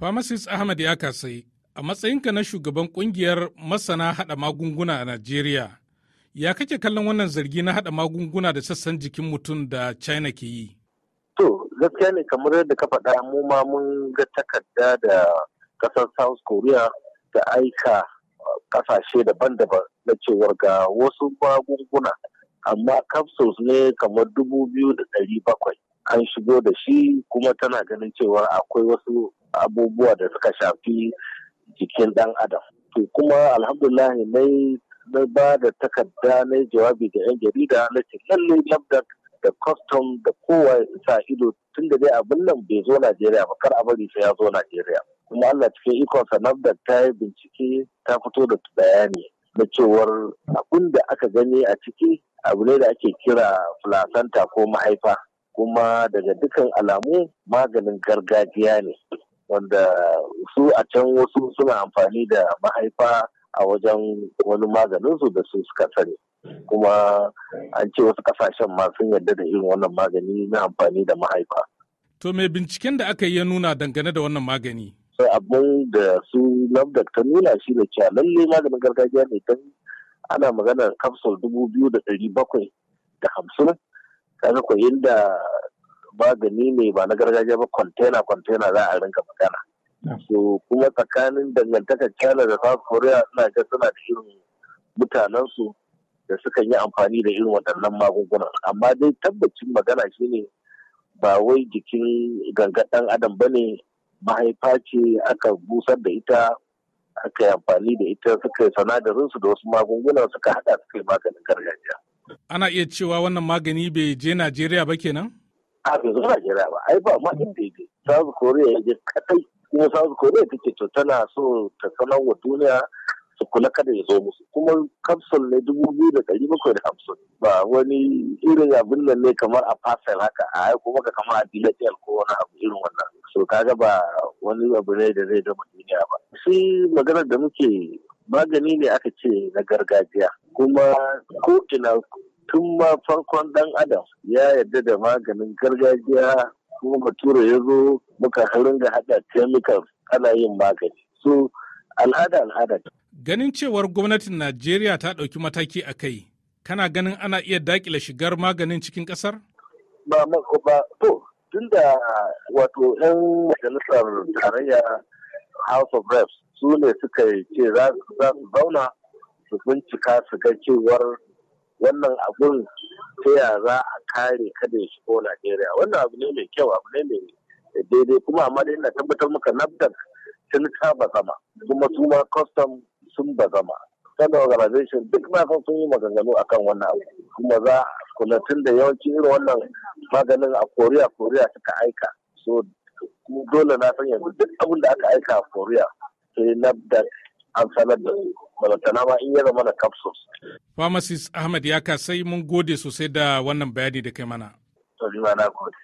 Pharmacist Ahmad ya kasai a matsayinka na shugaban kungiyar masana haɗa magunguna a Najeriya. Ya kake kallon wannan zargi na haɗa magunguna da sassan jikin mutum da China ke yi? To, gaskiya ne kamar yadda ka faɗa mu ma mun ga takarda da ƙasar South Korea da aika ƙasashe daban-daban na cewar ga wasu magunguna amma capsules ne kamar dubu biyu da ɗari bakwai an shigo da shi kuma tana ganin cewa akwai wasu abubuwa da suka shafi jikin ɗan adam to kuma alhamdulillah na ba da takarda na jawabi ga 'yan jarida na ce lalle labdak da custom da kowa ya sa ido tun da dai abin nan bai zo Najeriya ba kar a bari sai ya zo Najeriya. Kuma Allah cikin ikon sanabda ta yi bincike ta fito da bayani na cewar abin da aka gani a ciki abu ne da ake kira placenta ko mahaifa kuma daga dukan alamu maganin gargajiya ne. wanda su a can wasu suna amfani da mahaifa a wajen wani maganin su da su suka sani kuma an ce wasu kasashen ma sun yarda da irin wannan magani na amfani da mahaifa. To me binciken da aka yi ya nuna dangane da wannan magani? abin da su lambda ta nuna shi da cewa lalle maganin gargajiya ne don ana maganar kafsul dubu biyu da ɗari bakwai da hamsin kaga ko da. magani ne ba na gargajiya ba kwantena kwantena za a rinka magana so kuma tsakanin dangantakar china da south korea suna ga suna da irin mutanensu da suka yi amfani da irin waɗannan magungunan amma dai tabbacin magana shine ba wai jikin gangan ɗan adam ba ne mahaifa ce aka busar da ita aka yi amfani da ita suka yi sanadarinsu da wasu magungunan suka haɗa suka yi maganin gargajiya ana iya cewa wannan magani bai je najeriya ba kenan a bai jira ba ai ba ma inda yake South Korea ya je kadai kuma South Korea take to tana so ta sanar wa duniya su kula kada ya zo musu kuma kapsul ne dubu biyu da dari bakwai da hamsin ba wani irin abin nan ne kamar a fasal haka a ai kuma ka kama a dilatiyar ko wani abu irin wannan so kaga ba wani abu ne da zai zama duniya ba shi maganar da muke magani ne aka ce na gargajiya kuma ko ina tun ma farkon dan adam ya yarda da maganin gargajiya kuma bature ya zo muka harin da hada chemicals ana yin magani so al'ada al'ada ganin cewar gwamnatin najeriya ta ɗauki mataki a kai kana ganin ana iya dakile shigar maganin cikin ƙasar ba ba to tunda wato 'yan majalisar tarayya house of reps su ne suka ce za su zauna su bincika su ga cewar wannan abun ta ya za a kare kada ya shigo Najeriya wannan abu ne mai kyau abu ne mai daidai kuma amma dai ina tabbatar maka NAFDAC sun ta bazama kuma su ma custom sun bazama kada organization duk na sun yi maganganu akan wannan abu kuma za kula tun da yawanci irin wannan maganin a Koriya Koriya suka aika so dole na san yanzu duk abin da aka aika a Koriya sai NAFDAC an sanar da su balantana ma in ya zama na capsules. Pharmacist Ahmad Yaka sai mun gode sosai da wannan bayani da kai mana. na gode.